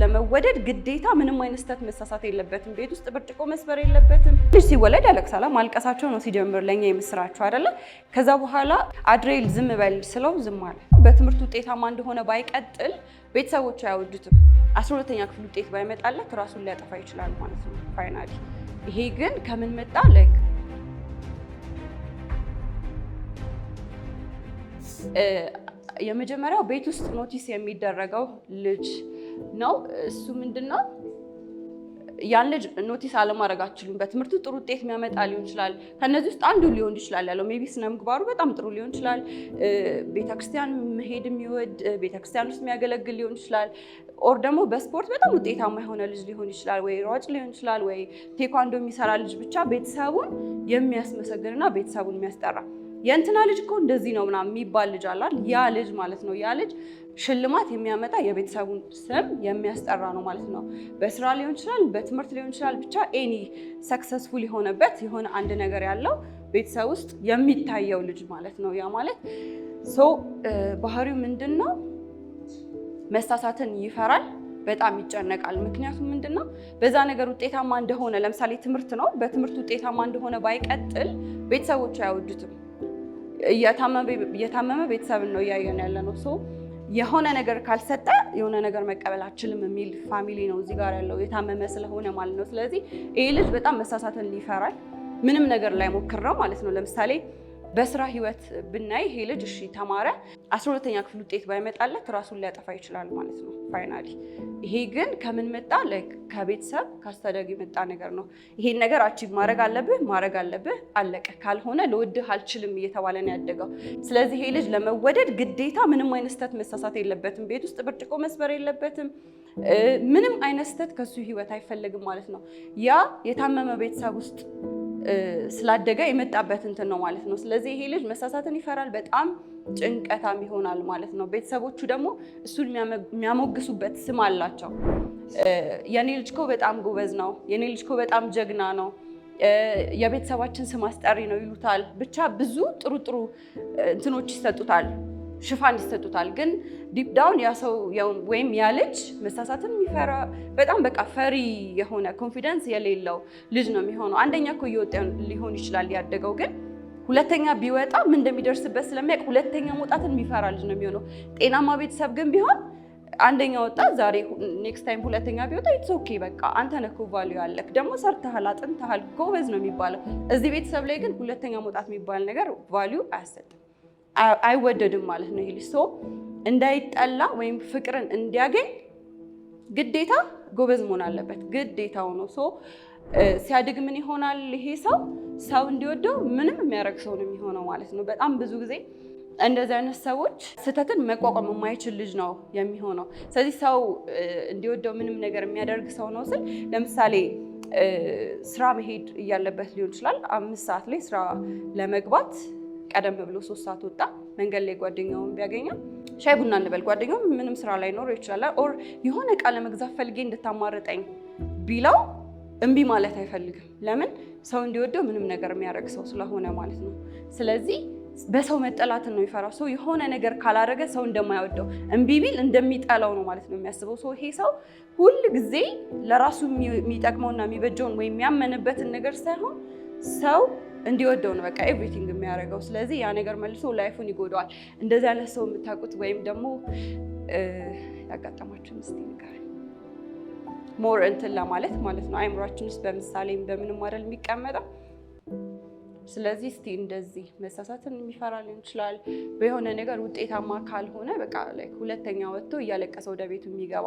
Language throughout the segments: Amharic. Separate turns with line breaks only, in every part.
ለመወደድ ግዴታ ምንም አይነት ስህተት መሳሳት የለበትም። ቤት ውስጥ ብርጭቆ መስበር የለበትም። ልጅ ሲወለድ ያለቅሳል። ማልቀሳቸው ነው ሲጀምር ለኛ የምስራቸው አይደለም። ከዛ በኋላ አድሬል ዝም በል ስለው ዝም አለ። በትምህርት ውጤታማ እንደሆነ ባይቀጥል ቤተሰቦች አያወዱትም። አስራ ሁለተኛ ክፍል ውጤት ባይመጣለት ራሱን ሊያጠፋ ይችላል ማለት ነው ፋይናሊ። ይሄ ግን ከምን መጣ ላይክ የመጀመሪያው ቤት ውስጥ ኖቲስ የሚደረገው ልጅ ነው። እሱ ምንድን ነው ያን ልጅ ኖቲስ አለማድረግ አችሉም። በትምህርቱ ጥሩ ውጤት የሚያመጣ ሊሆን ይችላል። ከነዚህ ውስጥ አንዱ ሊሆን ይችላል ያለው ሜይ ቢ ስነ ምግባሩ በጣም ጥሩ ሊሆን ይችላል። ቤተክርስቲያን መሄድ የሚወድ ቤተክርስቲያን ውስጥ የሚያገለግል ሊሆን ይችላል። ኦር ደግሞ በስፖርት በጣም ውጤታማ የሆነ ልጅ ሊሆን ይችላል። ወይ ሯጭ ሊሆን ይችላል። ወይ ቴኳንዶ የሚሰራ ልጅ ብቻ ቤተሰቡን የሚያስመሰግንና ቤተሰቡን የሚያስጠራ የእንትና ልጅ እኮ እንደዚህ ነው ምናምን የሚባል ልጅ አላል ያ ልጅ ማለት ነው ያ ልጅ ሽልማት የሚያመጣ የቤተሰቡን ስም የሚያስጠራ ነው ማለት ነው። በስራ ሊሆን ይችላል፣ በትምህርት ሊሆን ይችላል። ብቻ ኤኒ ሰክሰስፉል የሆነበት የሆነ አንድ ነገር ያለው ቤተሰብ ውስጥ የሚታየው ልጅ ማለት ነው። ያ ማለት ሰው ባህሪው ምንድን ነው? መሳሳትን ይፈራል፣ በጣም ይጨነቃል። ምክንያቱም ምንድን ነው በዛ ነገር ውጤታማ እንደሆነ ለምሳሌ ትምህርት ነው። በትምህርት ውጤታማ እንደሆነ ባይቀጥል ቤተሰቦቹ አያወዱትም። እየታመመ ቤተሰብን ነው እያየን ያለ ነው ሰው የሆነ ነገር ካልሰጠ የሆነ ነገር መቀበል አችልም የሚል ፋሚሊ ነው እዚህ ጋር ያለው የታመመ ስለሆነ ማለት ነው። ስለዚህ ይህ ልጅ በጣም መሳሳትን ይፈራል። ምንም ነገር ላይ ሞክር ነው ማለት ነው። ለምሳሌ በስራ ህይወት ብናይ ይሄ ልጅ እሺ ተማረ፣ አስራ ሁለተኛ ክፍል ውጤት ባይመጣለት ራሱን ሊያጠፋ ይችላል ማለት ነው ፋይናሊ። ይሄ ግን ከምን መጣ? ከቤተሰብ ካስተዳጊ የመጣ ነገር ነው። ይሄን ነገር አቺቭ ማድረግ አለብህ ማድረግ አለብህ አለቀ፣ ካልሆነ ልወድህ አልችልም እየተባለ ነው ያደገው። ስለዚህ ይሄ ልጅ ለመወደድ ግዴታ ምንም አይነት ስህተት መሳሳት የለበትም። ቤት ውስጥ ብርጭቆ መስበር የለበትም። ምንም አይነት ስህተት ከሱ ህይወት አይፈልግም ማለት ነው። ያ የታመመ ቤተሰብ ውስጥ ስላደገ የመጣበት እንትን ነው ማለት ነው። ስለዚህ ይሄ ልጅ መሳሳትን ይፈራል፣ በጣም ጭንቀታም ይሆናል ማለት ነው። ቤተሰቦቹ ደግሞ እሱን የሚያሞግሱበት ስም አላቸው። የኔ ልጅ እኮ በጣም ጎበዝ ነው፣ የኔ ልጅ እኮ በጣም ጀግና ነው፣ የቤተሰባችን ስም አስጠሪ ነው ይሉታል። ብቻ ብዙ ጥሩ ጥሩ እንትኖች ይሰጡታል። ሽፋን ይሰጡታል። ግን ዲፕ ዳውን ያ ሰው ወይም ያ ልጅ መሳሳትን የሚፈራ በጣም በቃ ፈሪ የሆነ ኮንፊደንስ የሌለው ልጅ ነው የሚሆነው። አንደኛ እኮ እየወጣ ሊሆን ይችላል ያደገው፣ ግን ሁለተኛ ቢወጣ ምን እንደሚደርስበት ስለሚያውቅ ሁለተኛ መውጣትን የሚፈራ ልጅ ነው የሚሆነው። ጤናማ ቤተሰብ ግን ቢሆን አንደኛ ወጣ ዛሬ ኔክስት ታይም ሁለተኛ ቢወጣ ኢትስ ኦኬ በቃ አንተ ነህ ቫሉ ቫልዩ ያለህ ደግሞ ሰርተሃል፣ አጥንተሃል፣ ጎበዝ ነው የሚባለው። እዚህ ቤተሰብ ላይ ግን ሁለተኛ መውጣት የሚባል ነገር ቫሉ አያሰጥም። አይወደድም ማለት ነው። ይህ ሰው እንዳይጠላ ወይም ፍቅርን እንዲያገኝ ግዴታ ጎበዝ መሆን አለበት። ግዴታው ነው። ሰው ሲያድግ ምን ይሆናል? ይሄ ሰው ሰው እንዲወደው ምንም የሚያደርግ ሰው ነው የሚሆነው ማለት ነው። በጣም ብዙ ጊዜ እንደዚህ አይነት ሰዎች ስህተትን መቋቋም የማይችል ልጅ ነው የሚሆነው። ስለዚህ ሰው እንዲወደው ምንም ነገር የሚያደርግ ሰው ነው ስል ለምሳሌ ስራ መሄድ እያለበት ሊሆን ይችላል። አምስት ሰዓት ላይ ስራ ለመግባት ቀደም ብሎ ሶስት ሰዓት ወጣ። መንገድ ላይ ጓደኛውን ቢያገኛ ሻይ ቡና እንበል፣ ጓደኛው ምንም ስራ ላይ ኖሮ ይችላል። ኦር የሆነ እቃ ለመግዛት ፈልጌ እንድታማርጠኝ ቢለው እምቢ ማለት አይፈልግም። ለምን ሰው እንዲወደው ምንም ነገር የሚያደርግ ሰው ስለሆነ ማለት ነው። ስለዚህ በሰው መጠላትን ነው የሚፈራው። ሰው የሆነ ነገር ካላደረገ ሰው እንደማይወደው እምቢ ቢል እንደሚጠላው ነው ማለት ነው የሚያስበው ሰው። ይሄ ሰው ሁል ጊዜ ለራሱ የሚጠቅመውና የሚበጀውን ወይም የሚያመንበትን ነገር ሳይሆን ሰው እንዲወደው ነው በቃ ኤቭሪቲንግ የሚያደርገው። ስለዚህ ያ ነገር መልሶ ላይፉን ይጎደዋል። እንደዚህ አይነት ሰው የምታውቁት ወይም ደግሞ ያጋጠማችሁን እስኪ ንገረኝ። ሞር እንትን ለማለት ማለት ነው አይምሯችን ውስጥ በምሳሌም በምንም አይደል የሚቀመጠው። ስለዚህ እስቲ እንደዚህ መሳሳትን የሚፈራ ሊሆን ይችላል። በሆነ ነገር ውጤታማ ካልሆነ በቃ ሁለተኛ ወጥቶ እያለቀሰ ወደ ቤቱ የሚገባ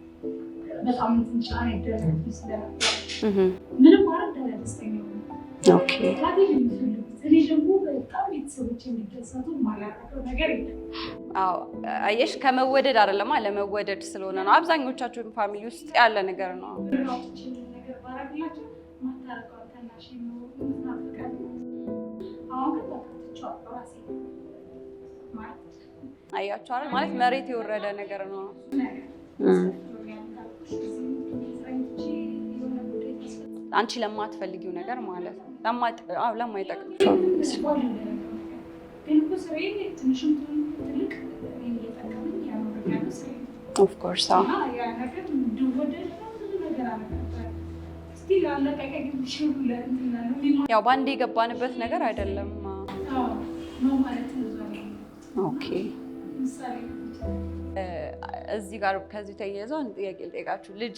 በጣም ጫና ይደረግ ምንም ደስተኛ እኔ ደግሞ በጣም ቤተሰቦች የሚደሰቱ ነገር የለም።
አዎ አየሽ፣ ከመወደድ አይደለማ ለመወደድ ስለሆነ ነው። አብዛኞቻችሁን ፋሚሊ ውስጥ ያለ ነገር ነው። አያችሁ አይደል? ማለት መሬት የወረደ ነገር ነው። አንቺ ለማትፈልጊው ነገር ማለት ነው። ለማይጠቅም ኦፍኮርስ ያው በአንድ የገባንበት ነገር አይደለም። ኦኬ እዚህ ጋር ከዚህ ተያይዘው አንድ ጥያቄ ልጠይቃችሁ ልጅ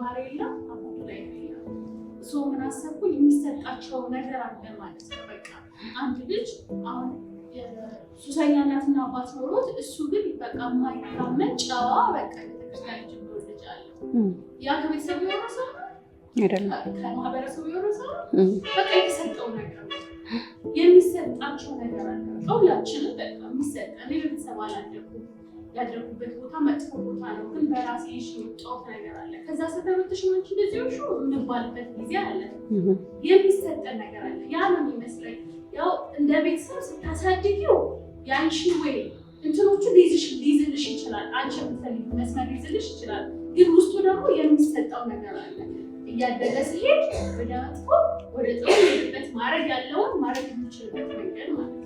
ባህር የለም አቡዱ ላይ የለም። እሱ ምን አሰብኩ የሚሰጣቸው ነገር አለ ማለት ነው። በቃ አንድ ልጅ አሁን ሱሰኛ እናትና አባት ኖሮት እሱ ግን በቃ የማይታመን ጨዋ በቃ ቤተክርስቲያን ጀምሮ ልጅ አለ። ያ ከቤተሰቡ የወረሰው አይደለም፣ ከማህበረሰቡ የወረሰው በቃ የተሰጠው ነገር የሚሰጣቸው ነገር አለ። ሁላችንም በቃ የሚሰጠን የቤተሰብ አላደኩም ያደረጉበት ቦታ መጥፎ ቦታ ነው፣ ግን በራሴ ይሽ የምጫወት ነገር አለ። ከዛ ስተመጥሽ ሆነች እንደዚህ ሆንሽ የምንባልበት ጊዜ አለ። የሚሰጠን ነገር አለ። ያ ነው የሚመስለኝ። ያው እንደ ቤተሰብ ስታሳድጊው የአንቺ ወይ እንትኖቹ ሊይዝልሽ ይችላል። አንቺ የምትፈልጊው መስመር ሊይዝልሽ ይችላል። ግን ውስጡ ደግሞ የሚሰጠው ነገር አለ። እያደገ ሲሄድ ወደ መጥፎ ወደ ጥሩ ሄድበት ማድረግ ያለውን ማድረግ የሚችልበት መንገድ ማለት ነው።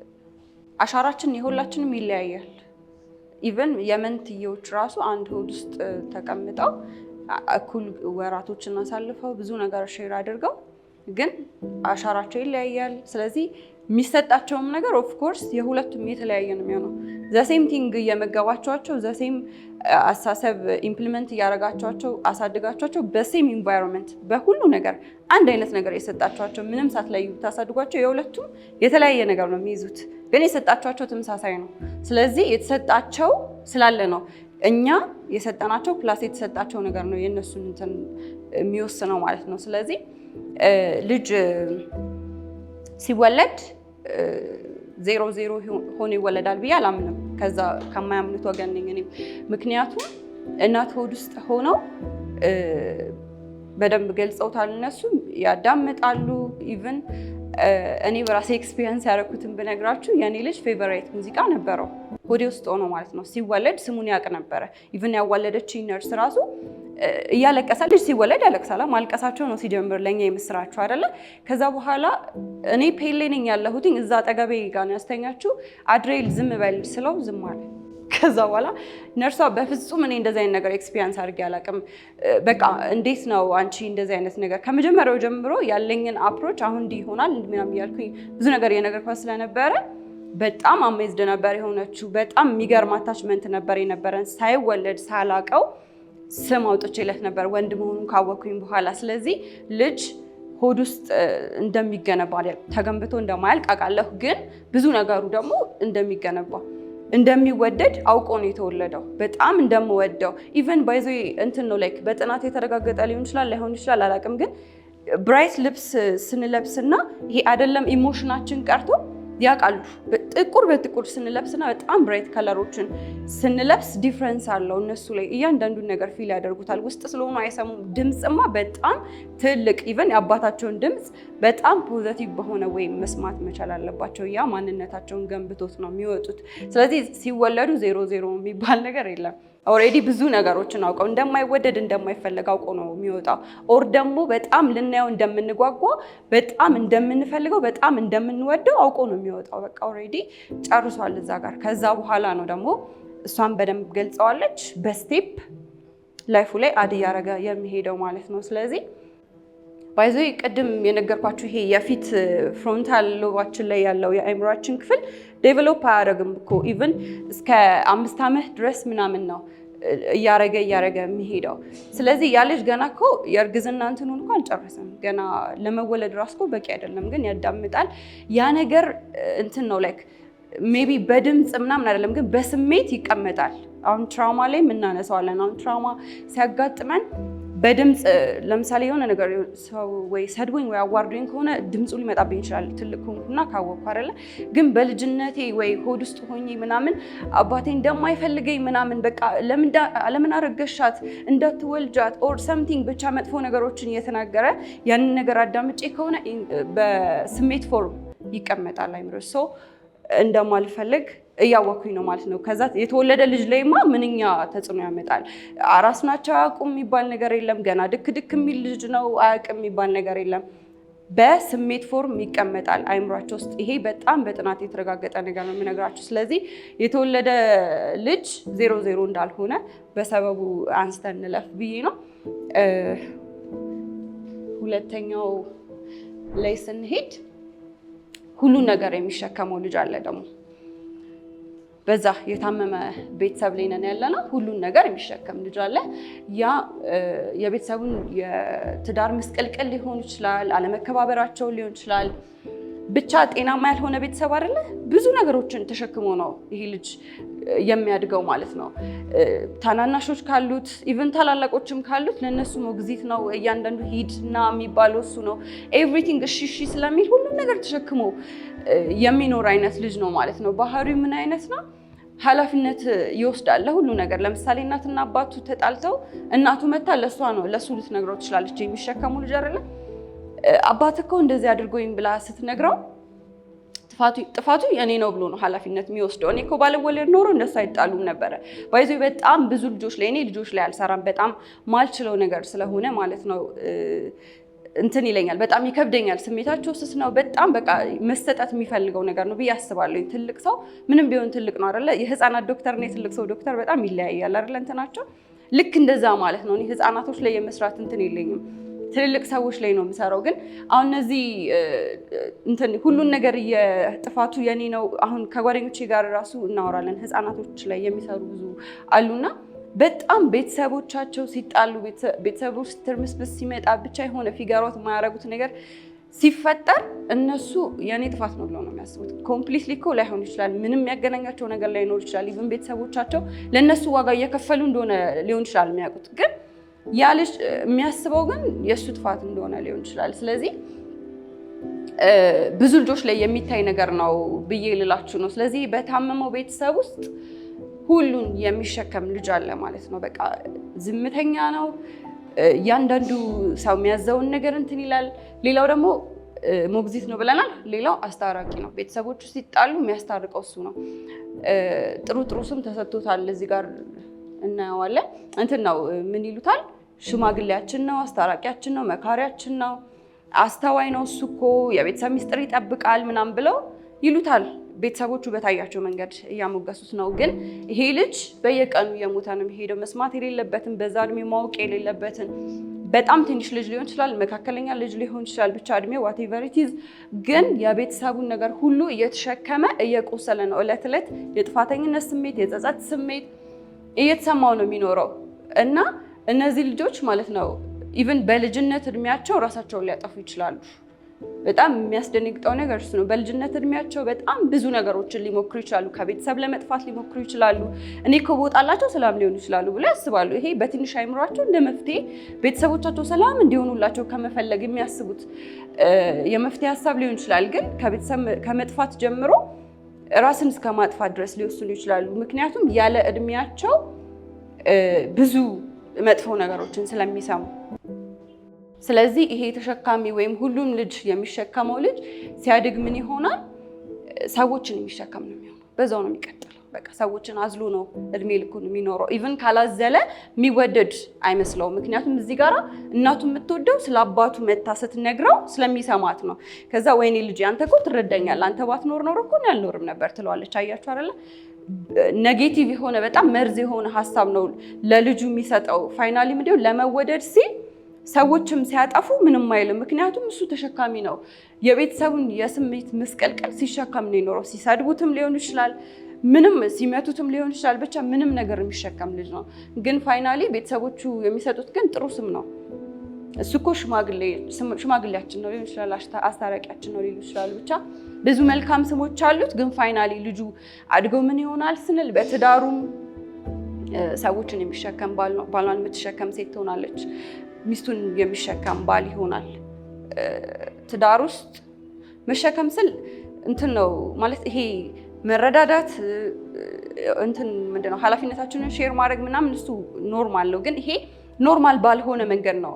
አሻራችን የሁላችንም ይለያያል። ኢቨን የመንትዮች ራሱ አንድ ሆድ ውስጥ ተቀምጠው እኩል ወራቶችን አሳልፈው ብዙ ነገር ሼር አድርገው ግን አሻራቸው ይለያያል። ስለዚህ የሚሰጣቸውም ነገር ኦፍኮርስ የሁለቱም የተለያየ ነው የሚሆነው። ዘሴም ቲንግ እየመገባቸዋቸው ዘሴም አሳሰብ ኢምፕሊመንት እያደረጋቸዋቸው አሳድጋቸዋቸው በሴም ኢንቫይሮንመንት በሁሉ ነገር አንድ አይነት ነገር የሰጣቸዋቸው ምንም ሳትለዩ ብታሳድጓቸው የሁለቱም የተለያየ ነገር ነው የሚይዙት፣ ግን የሰጣቸዋቸው ተመሳሳይ ነው። ስለዚህ የተሰጣቸው ስላለ ነው እኛ የሰጠናቸው ፕላስ የተሰጣቸው ነገር ነው የእነሱን እንትን የሚወስነው ማለት ነው። ስለዚህ uh, ልጅ ሲወለድ ዜሮ ዜሮ ሆኖ ይወለዳል ብዬ አላምንም። ከዛ ከማያምኑት ወገን ነኝ እኔም። ምክንያቱም እናት ሆድ ውስጥ ሆነው በደንብ ገልጸውታል። እነሱም ያዳምጣሉ ኢቨን እኔ በራሴ ኤክስፒሪየንስ ያደረኩትን ብነግራችሁ የእኔ ልጅ ፌቨራይት ሙዚቃ ነበረው። ሆዴ ውስጥ ሆኖ ማለት ነው። ሲወለድ ስሙን ያውቅ ነበረ። ኢቨን ያዋለደችኝ ነርስ ራሱ እያለቀሰ ልጅ ሲወለድ ያለቅሳል። ማልቀሳቸው ነው ሲጀምር ለእኛ የምስራቸው አይደለ? ከዛ በኋላ እኔ ፔሌ ነኝ ያለሁትኝ እዛ ጠገቤ ጋር ነው ያስተኛችሁ። አድሬል ዝም በል ስለው ዝም አለ። ከዛ በኋላ ነርሷ በፍጹም እኔ እንደዚህ አይነት ነገር ኤክስፒሪያንስ አድርጌ አላውቅም። በቃ እንዴት ነው አንቺ እንደዚህ አይነት ነገር ከመጀመሪያው ጀምሮ ያለኝን አፕሮች አሁን እንዲህ ይሆናል ምናምን እያልኩኝ ብዙ ነገር የነገርኳት ስለነበረ በጣም አሜዝድ ነበር የሆነችው። በጣም የሚገርም አታችመንት ነበር የነበረን። ሳይወለድ ሳላቀው ስም አውጥቼ ነበር ወንድ መሆኑን ካወቅኩኝ በኋላ። ስለዚህ ልጅ ሆድ ውስጥ እንደሚገነባ ተገንብቶ እንደማያልቅ አውቃለሁ፣ ግን ብዙ ነገሩ ደግሞ እንደሚገነባ እንደሚወደድ አውቆ ነው የተወለደው። በጣም እንደምወደው ኢቨን ባይዘ እንትን ነው ላይክ በጥናት የተረጋገጠ ሊሆን ይችላል ላይሆን ይችላል አላውቅም፣ ግን ብራይት ልብስ ስንለብስና ይሄ አይደለም ኢሞሽናችን ቀርቶ ያውቃሉ። ጥቁር በጥቁር ስንለብስና በጣም ብራይት ከለሮችን ስንለብስ ዲፍረንስ አለው። እነሱ ላይ እያንዳንዱን ነገር ፊል ያደርጉታል። ውስጥ ስለሆኑ አይሰሙም። ድምፅማ በጣም ትልቅ ኢቨን የአባታቸውን ድምፅ በጣም ፖዘቲቭ በሆነ ወይም መስማት መቻል አለባቸው። ያ ማንነታቸውን ገንብቶት ነው የሚወጡት። ስለዚህ ሲወለዱ ዜሮ ዜሮ የሚባል ነገር የለም። ኦልሬዲ ብዙ ነገሮችን አውቀው እንደማይወደድ እንደማይፈለግ አውቀው ነው የሚወጣው። ኦር ደግሞ በጣም ልናየው እንደምንጓጓ በጣም እንደምንፈልገው በጣም እንደምንወደው አውቀው ነው የሚወጣው። በቃ ኦልሬዲ ጨርሷል እዛ ጋር። ከዛ በኋላ ነው ደግሞ እሷን በደንብ ገልጸዋለች። በስቴፕ ላይፉ ላይ አድ እያደረገ የሚሄደው ማለት ነው። ስለዚህ ባይዞ ቅድም የነገርኳችሁ ይሄ የፊት ፍሮንታል ሎባችን ላይ ያለው የአእምሯችን ክፍል ዴቨሎፕ አያደርግም እኮ ኢቭን እስከ አምስት ዓመት ድረስ ምናምን ነው እያረገ እያረገ የሚሄደው። ስለዚህ ያ ልጅ ገና እኮ የእርግዝና እንትኑን እኮ አልጨረሰም። ገና ለመወለድ ራሱ እኮ በቂ አይደለም፣ ግን ያዳምጣል። ያ ነገር እንትን ነው ላይክ ሜቢ በድምፅ ምናምን አይደለም፣ ግን በስሜት ይቀመጣል። አሁን ትራውማ ላይ የምናነሳዋለን። አሁን ትራውማ ሲያጋጥመን በድምፅ ለምሳሌ የሆነ ነገር ሰው ወይ ሰድቦኝ ወይ አዋርዶኝ ከሆነ ድምፁ ሊመጣብኝ ይችላል። ትልቅ ሆንኩና ካወቅኩ አይደለ። ግን በልጅነቴ ወይ ሆድ ውስጥ ሆኜ ምናምን አባቴ እንደማይፈልገኝ ምናምን በቃ ለምን አረገሻት እንዳትወልጃት ኦር ሰምቲንግ ብቻ መጥፎ ነገሮችን እየተናገረ ያንን ነገር አዳምጬ ከሆነ በስሜት ፎርም ይቀመጣል አይምሮ እንደማልፈልግ እያወኩኝ ነው ማለት ነው። ከዛ የተወለደ ልጅ ላይማ ምንኛ ተጽዕኖ ያመጣል። አራስ ናቸው አያውቁም የሚባል ነገር የለም። ገና ድክ ድክ የሚል ልጅ ነው አያውቅም የሚባል ነገር የለም። በስሜት ፎርም ይቀመጣል አይምሯቸው ውስጥ። ይሄ በጣም በጥናት የተረጋገጠ ነገር ነው የምነግራቸው። ስለዚህ የተወለደ ልጅ ዜሮ ዜሮ እንዳልሆነ በሰበቡ አንስተን እንለፍ ብዬ ነው። ሁለተኛው ላይ ስንሄድ ሁሉ ነገር የሚሸከመው ልጅ አለ ደግሞ በዛ የታመመ ቤተሰብ ላይ ነን ያለና ሁሉን ነገር የሚሸከም ልጅ አለ። ያ የቤተሰቡን የትዳር ምስቅልቅል ሊሆን ይችላል፣ አለመከባበራቸውን ሊሆን ይችላል ብቻ ጤናማ ያልሆነ ቤተሰብ አይደለ ብዙ ነገሮችን ተሸክሞ ነው ይህ ልጅ የሚያድገው ማለት ነው። ታናናሾች ካሉት ኢቨን ታላላቆችም ካሉት ለእነሱ ሞግዚት ነው። እያንዳንዱ ሂድና የሚባለው እሱ ነው። ኤቭሪቲንግ እሺ እሺ ስለሚል ሁሉም ነገር ተሸክሞ የሚኖር አይነት ልጅ ነው ማለት ነው። ባህሪው ምን አይነት ነው? ኃላፊነት ይወስዳል ለሁሉ ነገር። ለምሳሌ እናትና አባቱ ተጣልተው እናቱ መታ ለእሷ ነው ለእሱ ልትነግረው ትችላለች። የሚሸከሙ ልጅ አይደለም አባት እኮ እንደዚህ አድርጎኝ ብላ ስትነግረው ጥፋቱ የኔ ነው ብሎ ነው ኃላፊነት የሚወስደው። እኔ እኮ ባልወለድ ኖሮ እነሱ አይጣሉም ነበረ። ባይዞ በጣም ብዙ ልጆች ላይ እኔ ልጆች ላይ አልሰራም በጣም ማልችለው ነገር ስለሆነ ማለት ነው እንትን ይለኛል፣ በጣም ይከብደኛል። ስሜታቸው ስስ ነው። በጣም በቃ መሰጠት የሚፈልገው ነገር ነው ብዬ አስባለሁ። ትልቅ ሰው ምንም ቢሆን ትልቅ ነው አይደለ? የህፃናት ዶክተር እና የትልቅ ሰው ዶክተር በጣም ይለያያል አይደለ? እንትናቸው ልክ እንደዛ ማለት ነው። እኔ ህፃናቶች ላይ የመስራት እንትን የለኝም። ትልልቅ ሰዎች ላይ ነው የምሰራው። ግን አሁን እነዚህ እንትን ሁሉን ነገር የጥፋቱ የኔ ነው። አሁን ከጓደኞቼ ጋር ራሱ እናወራለን። ህፃናቶች ላይ የሚሰሩ ብዙ አሉና በጣም ቤተሰቦቻቸው ሲጣሉ፣ ቤተሰቦች ትርምስምስ ሲመጣ ብቻ የሆነ ፊገሮት የማያደርጉት ነገር ሲፈጠር እነሱ የእኔ ጥፋት ነው ብለው ነው የሚያስቡት። ኮምፕሊትሊ እኮ ላይሆን ይችላል። ምንም የሚያገናኛቸው ነገር ላይኖር ይችላል። ኢቭን ቤተሰቦቻቸው ለእነሱ ዋጋ እየከፈሉ እንደሆነ ሊሆን ይችላል የሚያውቁት ግን ያ ልጅ የሚያስበው ግን የእሱ ጥፋት እንደሆነ ሊሆን ይችላል። ስለዚህ ብዙ ልጆች ላይ የሚታይ ነገር ነው ብዬ ልላችሁ ነው። ስለዚህ በታመመው ቤተሰብ ውስጥ ሁሉን የሚሸከም ልጅ አለ ማለት ነው። በቃ ዝምተኛ ነው። እያንዳንዱ ሰው የሚያዘውን ነገር እንትን ይላል። ሌላው ደግሞ ሞግዚት ነው ብለናል። ሌላው አስታራቂ ነው። ቤተሰቦቹ ሲጣሉ የሚያስታርቀው እሱ ነው። ጥሩ ጥሩ ስም ተሰጥቶታል። እዚህ ጋር እናየዋለን። እንትን ነው ምን ይሉታል? ሽማግሌያችን ነው፣ አስታራቂያችን ነው፣ መካሪያችን ነው፣ አስተዋይ ነው፣ እሱ እኮ የቤተሰብ ሚስጥር ይጠብቃል ምናምን ብለው ይሉታል። ቤተሰቦቹ በታያቸው መንገድ እያሞገሱት ነው። ግን ይሄ ልጅ በየቀኑ እየሞተ ነው የሚሄደው። መስማት የሌለበትን በዛ እድሜ ማወቅ የሌለበትን በጣም ትንሽ ልጅ ሊሆን ይችላል፣ መካከለኛ ልጅ ሊሆን ይችላል፣ ብቻ እድሜ ዋቴቨር ግን የቤተሰቡን ነገር ሁሉ እየተሸከመ እየቆሰለ ነው። እለት እለት የጥፋተኝነት ስሜት የጸጸት ስሜት እየተሰማው ነው የሚኖረው እና እነዚህ ልጆች ማለት ነው ኢቨን በልጅነት እድሜያቸው ራሳቸውን ሊያጠፉ ይችላሉ። በጣም የሚያስደነግጠው ነገር እሱ ነው። በልጅነት እድሜያቸው በጣም ብዙ ነገሮችን ሊሞክሩ ይችላሉ። ከቤተሰብ ለመጥፋት ሊሞክሩ ይችላሉ። እኔ ከቦጣላቸው ሰላም ሊሆኑ ይችላሉ ብሎ ያስባሉ። ይሄ በትንሽ አይምሯቸው እንደ መፍትሄ ቤተሰቦቻቸው ሰላም እንዲሆኑላቸው ከመፈለግ የሚያስቡት የመፍትሄ ሀሳብ ሊሆን ይችላል። ግን ከቤተሰብ ከመጥፋት ጀምሮ ራስን እስከ ማጥፋት ድረስ ሊወስኑ ይችላሉ። ምክንያቱም ያለ እድሜያቸው ብዙ መጥፎ ነገሮችን ስለሚሰሙ ስለዚህ ይሄ ተሸካሚ ወይም ሁሉም ልጅ የሚሸከመው ልጅ ሲያድግ ምን ይሆናል? ሰዎችን የሚሸከም ነው የሚሆነው። በዛው ነው የሚቀጥለው። በቃ ሰዎችን አዝሎ ነው እድሜ ልኩን የሚኖረው። ኢቭን ካላዘለ የሚወደድ አይመስለውም። ምክንያቱም እዚህ ጋር እናቱ የምትወደው ስለ አባቱ መታ ስትነግረው ስለሚሰማት ነው። ከዛ ወይኔ ልጅ አንተ እኮ ትረዳኛለህ፣ አንተ ባትኖር ኖር እኮ አልኖርም ነበር ትለዋለች። አያችሁ አይደለ? ኔጌቲቭ የሆነ በጣም መርዝ የሆነ ሀሳብ ነው ለልጁ የሚሰጠው። ፋይናሊ ምንድነው ለመወደድ ሲል ሰዎችም ሲያጠፉ ምንም አይልም። ምክንያቱም እሱ ተሸካሚ ነው። የቤተሰቡን የስሜት ምስቀልቀል ሲሸከም ነው የኖረው። ሲሰድቡትም ሊሆን ይችላል፣ ምንም ሲመቱትም ሊሆን ይችላል። ብቻ ምንም ነገር የሚሸከም ልጅ ነው። ግን ፋይናሊ ቤተሰቦቹ የሚሰጡት ግን ጥሩ ስም ነው። እሱ እኮ ሽማግሌያችን ነው ሊሆን ይችላል፣ አስታራቂያችን ነው ሊሉ ይችላሉ ብቻ ብዙ መልካም ስሞች አሉት። ግን ፋይናሊ ልጁ አድጎ ምን ይሆናል ስንል በትዳሩም ሰዎችን የሚሸከም ባሏን የምትሸከም ሴት ትሆናለች። ሚስቱን የሚሸከም ባል ይሆናል። ትዳር ውስጥ መሸከም ስል እንትን ነው ማለት ይሄ መረዳዳት እንትን ምንድነው ኃላፊነታችንን ሼር ማድረግ ምናምን እሱ ኖርማል ነው። ግን ይሄ ኖርማል ባልሆነ መንገድ ነው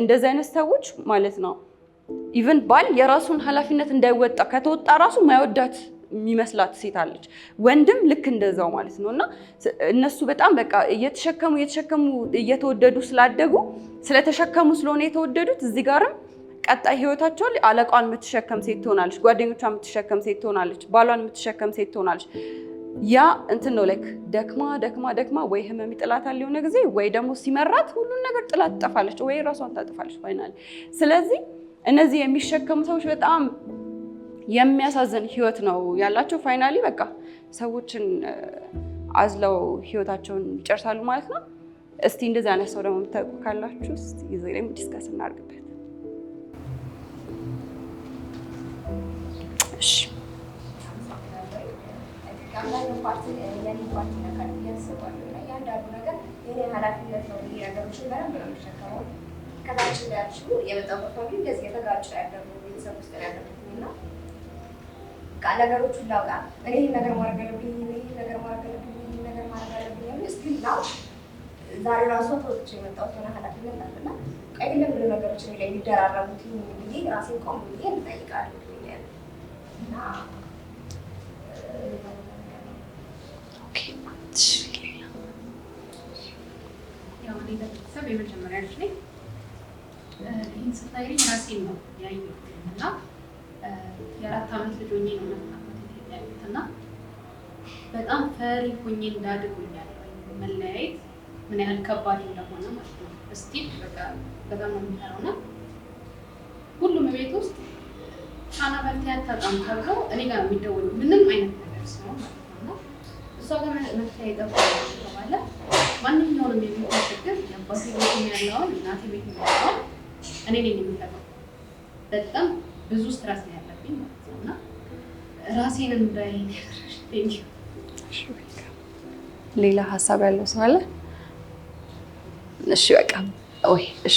እንደዚህ አይነት ሰዎች ማለት ነው ኢቨን ባል የራሱን ኃላፊነት እንዳይወጣ ከተወጣ ራሱ ማይወዳት የሚመስላት ሴት አለች። ወንድም ልክ እንደዛው ማለት ነው። እና እነሱ በጣም በቃ እየተሸከሙ እየተሸከሙ እየተወደዱ ስላደጉ ስለተሸከሙ ስለሆነ የተወደዱት እዚህ ጋርም ቀጣይ ህይወታቸው አለቃዋን የምትሸከም ሴት ትሆናለች፣ ጓደኞቿ የምትሸከም ሴት ትሆናለች፣ ባሏን የምትሸከም ሴት ትሆናለች። ያ እንትን ነው ላይክ ደክማ ደክማ ደክማ ወይ ህመም ይጥላታል የሆነ ጊዜ፣ ወይ ደግሞ ሲመራት ሁሉን ነገር ጥላት ትጠፋለች፣ ወይ ራሷን ታጥፋለች ፋይናል ስለዚህ እነዚህ የሚሸከሙ ሰዎች በጣም የሚያሳዝን ህይወት ነው ያላቸው። ፋይናሊ በቃ ሰዎችን አዝለው ህይወታቸውን ይጨርሳሉ ማለት ነው። እስቲ እንደዚህ አይነት ሰው ደግሞ የምታውቁ ካላችሁ ጊዜ ላይ ዲስከስ እናድርግበት። እሺ
ነገር ከታች እንዳያችው የመጣሁት ፋሚሊ እንደዚህ የተጋጨ ያደረጉ ቤተሰብ ውስጥ ያደረጉት እና ቃል ነገሮች ሁላ እኔ ይህን ነገር ማድረግ አለብኝ፣ ይህን ነገር ማድረግ አለብኝ፣ ይህን ነገር ማድረግ አለብኝ ያሉ ስቲል ናው ዛሬ ራሱ ተወጥቼ የመጣሁት ሆነ ኃላፊነት አለና ቀይለ ብሎ ነገሮች ላይ ሊደራረቡት ብዬ ራሴን ቆም ብዬ እንጠይቃል እና ቤተሰብ የመጀመሪያ ልጅ ነኝ። ይህን ስታይልኝ ራሴን ነው ያየሁት እና የአራት ዓመት ልጅ ሆኜ ነው መናፈት ያየሁት እና በጣም ፈሪ ሆኜ እንዳድግ ያለ መለያየት ምን ያህል ከባድ እንደሆነ ማለት ነው። እስቲ በጣም ነው የሚፈራው እና ሁሉም ቤት ውስጥ ሻና በልቴ አታጣም ተብሎ እኔ ጋር የሚደወሉ ምንም አይነት ነገር ሲሆን እሷ ጋር መፍትሄ የጠፋ ተባለ ማንኛውንም የሚሆን ችግር የአባቴ ቤት ያለውን እናቴ ቤት ያለውን እኔ ነኝ የምጠቀው። በጣም ብዙ ስትራስ ነው ያለብኝ ማለት ነው እና ራሴን እንዳይ
ሌላ ሀሳብ ያለው ሰው አለ? እሺ በቃ ወይ እሺ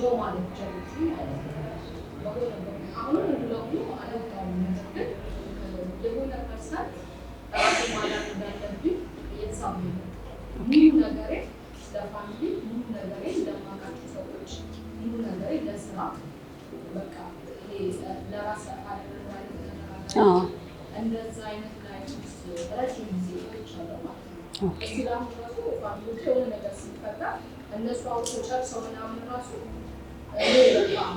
ሎ ማለት የሆነ ፐርሰንት እንዳለብኝ እየተሳመኝ ሙሉ ነገሬ ለፋሚሊ ሙሉ ነገሬ ለማውቃቸው ሰዎች ሙሉ ነገሬ ለስራ በቃ ለራስ እንደዛ አይነት ላይ ረጅም ጊዜ ይቻለው ማለት ነው። ስላሁን ፋሚሊ የሆነ ነገር ሲፈጠር እነሱ አውቶ ጨርሰው ምናምን ራሱ ይነገሩሻል።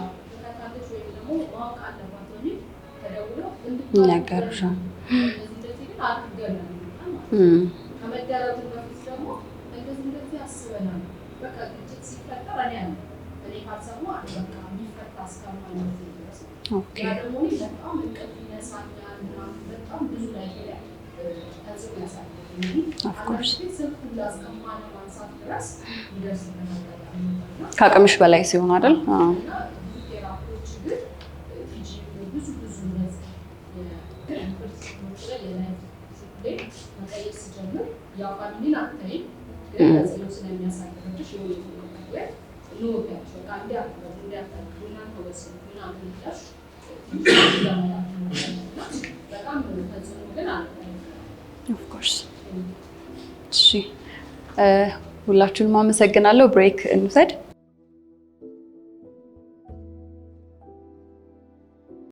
ከመደረጉ በፊት ደግሞ እንደዚህ እንደዚህ አስበናል። በቃ ግጭት ሲፈጠር እኔ ያለ እኔ ካልሰሙ በቃ የሚፈታ እስከማለ ድረስ ያ በጣም እንቅልፍ ይነሳኛል። በጣም ብዙ ላይ ተጽዕኖ
ያሳያል። ከአቅምሽ በላይ ሲሆን አይደል? ኦፍኮርስ እሺ ሁላችሁንም አመሰግናለሁ። ብሬክ እንውሰድ።